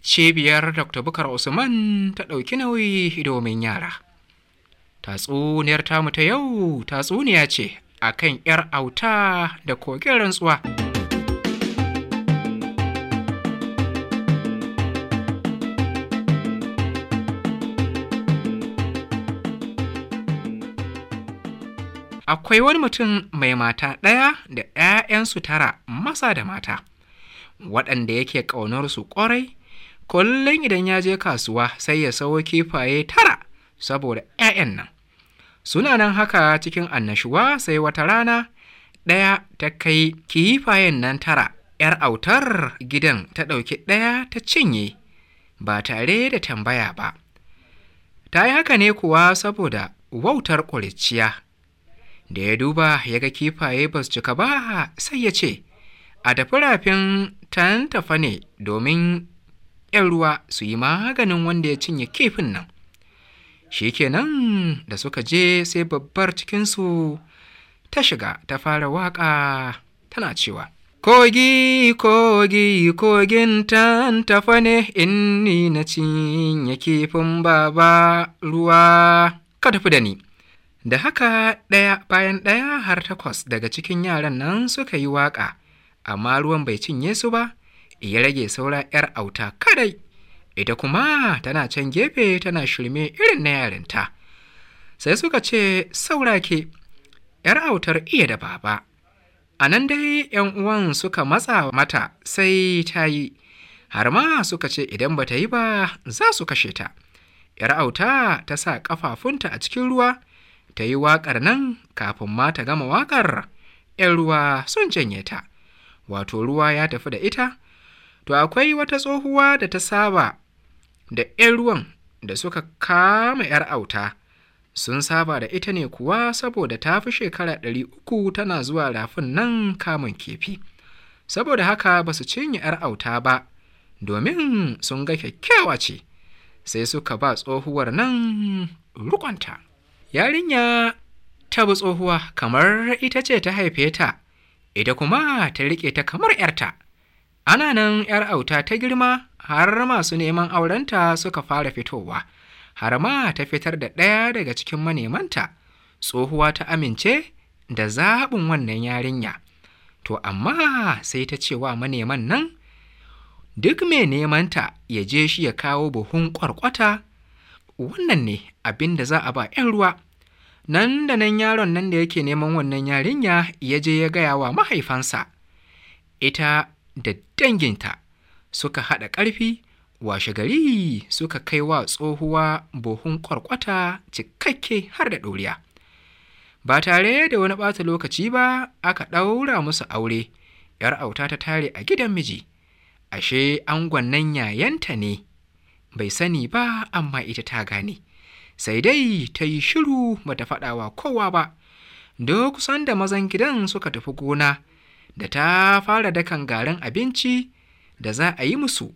cibiyar dr bukar usman ta ɗauki nauyi domin yara tatsuniyar tamu ta yau tatsuniya ce akan 'yar auta da kogin rantsuwa akwai wani mutum mai mata ɗaya da 'ya'yansu tara masa da mata waɗanda yake ƙaunarsu ƙwarai kullum idan ya je kasuwa sai ya sawo kifaye tara saboda 'ya'yan nan suna nan haka cikin annashuwa sai wata rana ɗaya ta kai kifayen nan tara 'yar autar gidan ta ɗauki ɗaya ta cinye ba tare da tambaya ba ta yi haka ne kuwa saboda wautar ƙuriciya da ya duba ya ga kifaye ba su cika ba sai ya ce a tafi rafin tantafa ne domin 'yan ruwa su yi maganin wanda ya cinye kifin nan shi da suka je sai babbar cikinsu ta shiga ta fara waƙa tana cewa kogi kogi kogin tan tafa ne in ni na cinye kifin baba ruwa ka tafi da ni da haka ɗaya bayan ɗaya har takwas daga cikin yaran nan suka yi waƙa amma ruwan bai cinye su ba ya rage saura 'yar auta kadai ita kuma tana can gefe tana shirme irin na yarinta sai suka ce saura ke 'yar autar iya da baba a nan dai 'yan uwan suka matsa mata sai ta yi har ma suka ce idan ba ta yi ba za su kashe ta 'yar auta ta sa kafafunta a cikin ruwa ta yi wakar nan kafin ma ta gama wakar? 'yan ruwa sun janye ta wato ruwa ya tafi da ita to akwai wata tsohuwa da ta saba da 'yan ruwan da suka kama 'yar auta sun saba da ita ne kuwa saboda ta fi shekara ɗari uku tana zuwa rafin nan kamun kifi saboda haka ba su cinye 'yar auta ba domin sun ga kyakkyawa ce sai suka ba tsohuwar nan rukonta yarinya ta bi tsohuwa kamar ita ce ta haife ta ita kuma ta riƙe ta kamar 'yarta ana nan 'yar auta ta girma har masu neman aurenta suka fara fitowa har ma ta fitar da ɗaya daga cikin manemanta tsohuwa ta amince da zaɓin wannan yarinya to amma sai ta ce wa maneman nan duk mai nemanta ya je shi ya kawo buhun ƙwarƙwata wannan ne abin da za a ba 'yan ruwa nan da nan yaron nan da yake neman wannan yarinya ya je ya gaya wa mahaifansa ita da danginta suka haɗa ƙarfi washe gari suka kai wa tsohuwa buhun ƙwarƙwata cikakke har da ɗoriya ba tare da wani ɓata lokaci ba aka ɗaura musu aure ‘yar auta ta tare a gidan miji ashe angon nan yayanta ne bai sani ba amma ita ta gane sai dai ta yi shiru ba bata faɗawa kowa ba duk kusan da mazan gidan suka tafi gona da ta fara dakan garin abinci da za a yi musu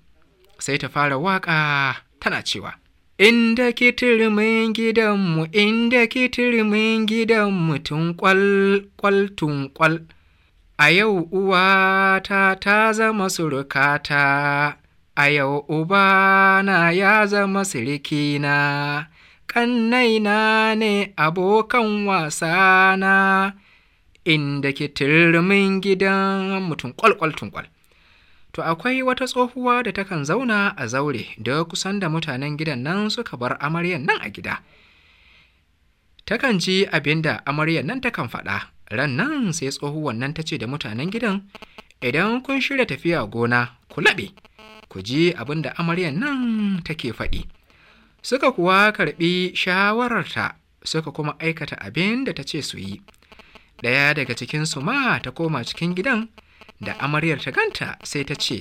sai ta fara waƙa tana cewa inda ke turmin gidanmu inda ke turmin gidanmu tun kwal. a yau uwata ta zama surukata a yau ubana ya zama sirikina ƙannaina ne abokan wasana inda ke turmin gidan mutum kwalkwal-tunkwal. To akwai wata tsohuwa da takan zauna a zaure da kusan da mutanen gidan nan suka bar amaryan nan a gida. Takan ji abin da amaryan nan takan faɗa, ran nan sai tsohuwan nan ta ce da mutanen gidan, idan kun shirya tafiya gona, ku laɓe, ku ji abin da amaryan nan take faɗi. Suka kuwa karɓi shawararta, suka kuma aikata abin da ta ce su yi. ɗaya daga cikinsu ma ta koma cikin gidan da amaryar ta ganta sai ta ce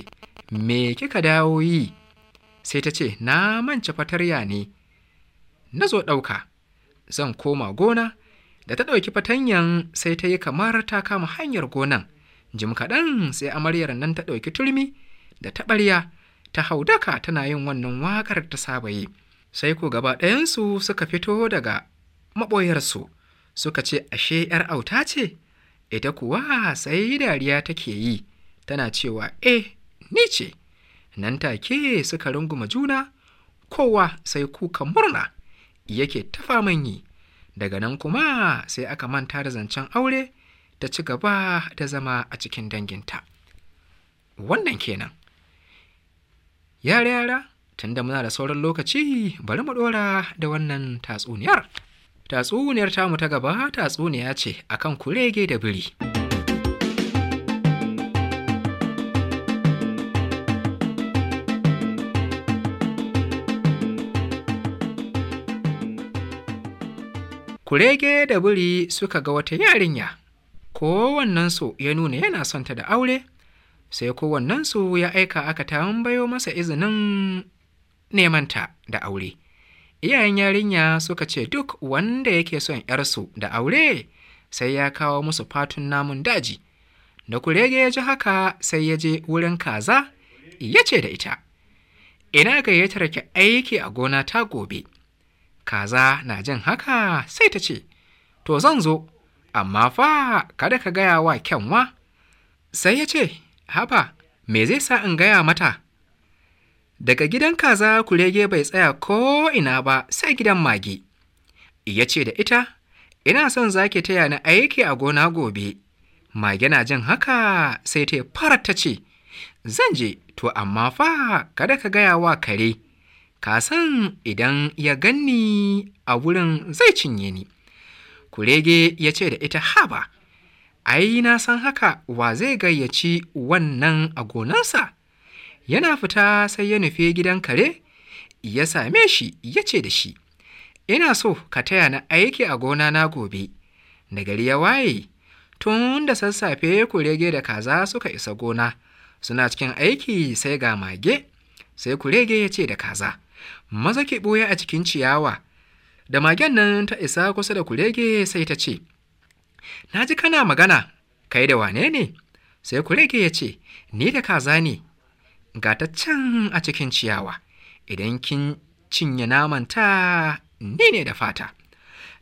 me kika dawo yi sai ta ce na manci fatarya ne na zo ɗauka zan koma gona da ta ɗauki fatanyan sai ta yi kamar ta kama hanyar gonan jim kaɗan sai amaryar nan ta ɗauki turmi da ta ɓarya ta hau daka tana yin wannan waƙar ta saba yi sai ku gaba ɗayansu suka fito daga maɓoyarsu suka ce ashe ‘yar auta ce, ita kuwa sai dariya take yi, tana cewa eh ni ce, nan take suka runguma juna, kowa sai kuka murna yake tafa yi, daga nan kuma sai aka manta da zancen aure ta ci gaba da zama a cikin danginta. Wannan kenan. Yara-yara, tunda muna da sauran lokaci bari mu ɗora da wannan tatsuniyar. tatsuniyar tamu ta gaba tatsuniya ce akan kurege da biri kurege da biri suka ga wata yarinya kowannensu ya nuna yana son ta da aure sai kowannensu ya aika aka tambayo masa izinin nemanta da aure iyayen yarinya suka ce duk wanda yake son ‘yarsu da aure sai ya kawo musu fatun namun daji da kurege ya ji haka sai ya je wurin kaza ya ce da ita ina gayyatar ki aiki a gona ta gobe kaza na jin haka sai ta ce to zan zo amma fa kada ka gaya wa kyanwa sai ya ce haba me zai sa in gaya mata Daga gidan kaza kurege bai tsaya ko ina ba sai gidan mage. Ya ce da ita, ina son zaki taya ni aiki a gona gobe. Mage na jin haka sai ta fara ta ce, zan je to amma fa kada ka gaya wa kare. Ka san idan ya ganni a wurin zai cinye ni. Kurege ya ce da ita haba, ai na san haka wa zai gayyaci wannan a gonansa. yana fita sai ya nufe gidan kare ya same shi ya ce da shi ina so ka taya na aiki a gona na gobe da gari ya waye tun da sassafe kurege da kaza suka isa gona suna cikin aiki sai ga mage sai kurege ya ce da kaza maza ke ɓoye a cikin ciyawa da magen nan ta isa kusa da kurege sai ta ce na ji kana magana kai da wane ne sai kurege ya ce ni da kaza ne ga ta can a cikin ciyawa idan kin cinye namanta ni ne da fata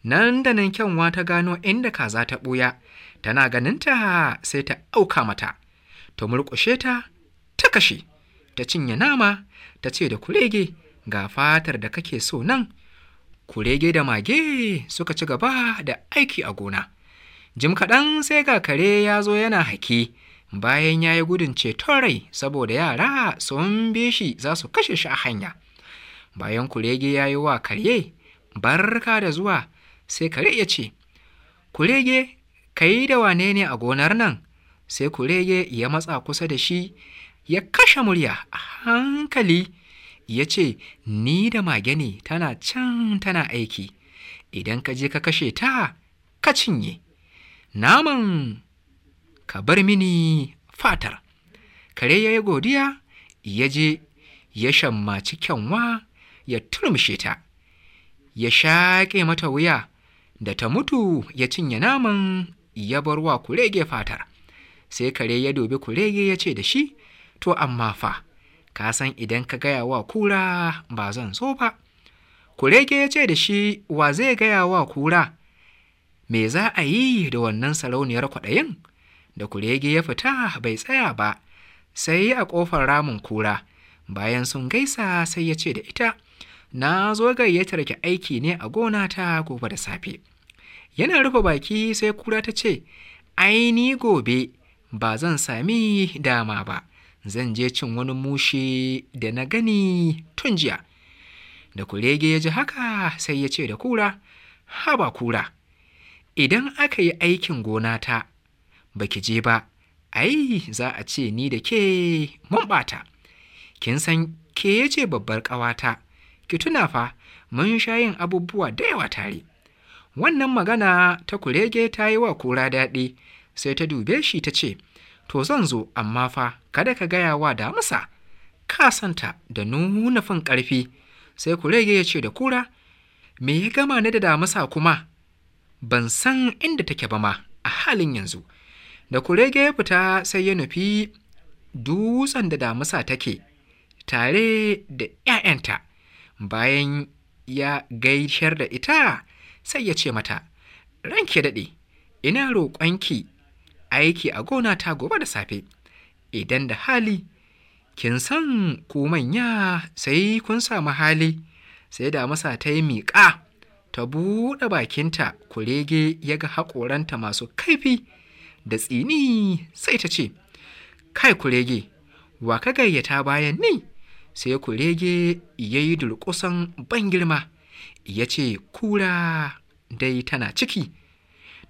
nan da nan kyanwa ta gano inda kaza ta ɓuya tana ganinta sai ta auka mata ta murƙushe ta ta kashe ta cinye nama ta ce da kurege ga fatar da kake so nan kurege da mage suka ci gaba da aiki a gona jim kaɗan sai ga kare ya zo yana haki bayan ya yi gudun ceton rai saboda yara sun bi shi za su kashe shi a hanya bayan kurege ya yi wa karye barka da zuwa sai kare ya ce kurege ka yi da wane ne a gonar nan sai kurege ya matsa kusa da shi ya kashe murya a hankali ya ce ni da mage ne tana can tana aiki idan ka je ka kashe ta ka cinye naman ka bar mini fatar kare ya yi godiya ya je ya shammaci kyanwa ya turmushe ta ya shaƙe mata wuya da ta mutu ya cinye naman ya bar wa kurege fatar sai kare ya dobi kurege ya ce da shi to amma fa ka san idan ka gaya wa kura ba zan so ba kurege ya ce da shi wa zai gaya wa kura me za a yi da wannan sarauniyar kwaɗayin da kurege ya fita bai tsaya ba sai a ƙofar ramin kura bayan sun gaisa sai ya ce da ita na zo gayyatar ki aiki ne a gona ta gobe da safe yana rufe baki sai kura ta ce ai ni gobe ba zan sami dama ba zan je cin wani mushe da na gani tun jiya da kurege ya ji haka sai ya ce da kura haba kura idan aka yi aikin gona ta baki je ba ai za a ce ni da ke mun ɓata kin san ke ce babbar ƙawata ki tuna fa mun sha yin abubuwa da yawa tare wannan magana ta kurege ta yi wa kura daɗi sai ta dube shi ta ce to zan zo amma fa kada ka gaya wa damusa ka santa da nuna fin ƙarfi sai kurege ya ce da kura me ya gama ni da damusa kuma ban san inda take ba ma a halin yanzu da kurege ya fita sai ya nufi dutsen da damusa take tare da 'ya'yanta bayan ya gaishar da ita sai ya ce mata ranke daɗe ina roƙonki aiki a gona ta gobe da safe idan da hali kin san ku manya sai kun samu hali sai da masa ta yi miƙa ta buɗe bakinta kurege ya ga haƙoranta masu kaifi da tsini sai ta ce kai kurege wa ka gayyata bayan ni sai kurege ya yi durƙusan ban girma ya ce kura dai tana ciki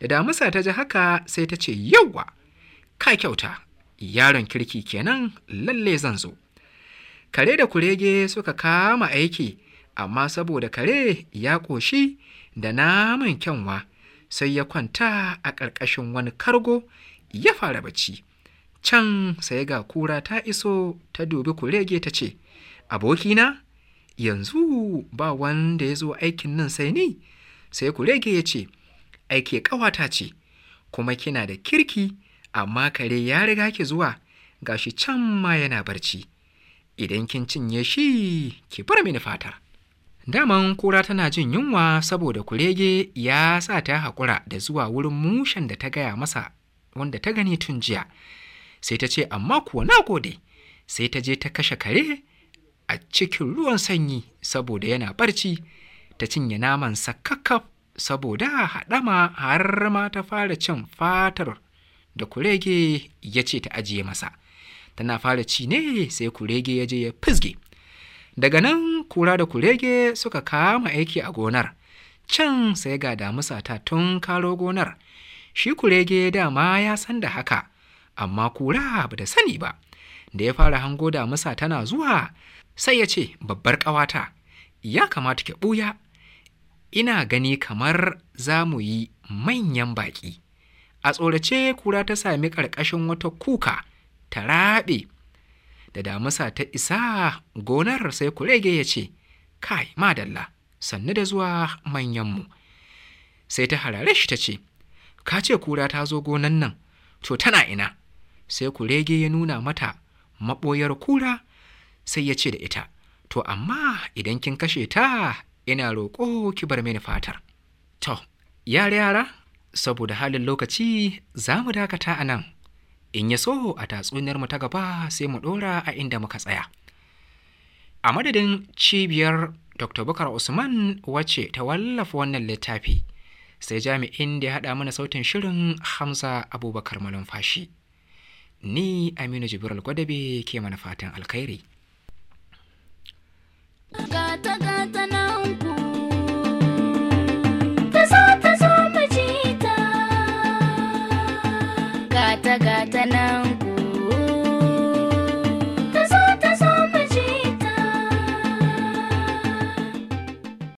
da damisa ta ji haka sai ta ce yauwa ka kyauta yaron kirki kenan lalle zan zo kare da kurege suka kama aiki amma saboda kare ya ƙoshi da naman kyanwa sai ya kwanta a ƙarƙashin wani kargo ya fara bacci can sai ga kura ta iso ta dubi kurege ta ce abokina yanzu ba wanda ya zo aikin nan sai ni sai kurege ya ce aike ƙawata ce kuma kina da kirki amma kare ya riga ki zuwa gashi can ma yana barci idan kin cinye shi ki bar mini fatar daman kura tana jin yunwa saboda kurege ya sa ta haƙura da zuwa wurin mushen da ta gaya masa wanda ta gani tun jiya sai ta ce amma kuwa na gode sai ta je ta kashe kare a cikin ruwan sanyi saboda yana barci ta cinye naman sakakaf saboda haɗama har ma ta fara cin fatar da kurege ya ce ta ajiye masa tana fara ci ne sai kurege ya je ya fizge daga nan kura da kurege suka kama aiki a gonar can sai ga damusa ta tun karo gonar shi kurege dama ya san da haka amma kura ba da sani ba da ya fara hango damusa tana zuwa sai ya ce babbar ƙawata ya kamata ke ɓuya ina gani kamar za mu yi manyan baƙi a tsorace kura ta sami ƙarƙashin wata kuka ta raɓe da damisa ta isa gonar sai kurege ya ce kai madalla sannu da zuwa manyanmu sai ta harare shi ta ce ka ce kura ta zo gonan nan to tana ina sai kurege ya nuna mata maɓoyar kura sai ya ce da ita to amma idan kin kashe ta ina roƙo ki bar mini fatar to yare yara saboda halin lokaci za mu dakata a nan in ya so a tatsuniyar mu ta gaba sai mu ɗora a inda muka tsaya a madadin cibiyar dr bukar usman wacce ta wallafa wannan littafi sai jami'in da ya haɗa mana sautin shirin hamza abubakar malumfashi ni aminu jibiral gwadabe ke mana fatan alkhairi gata gata na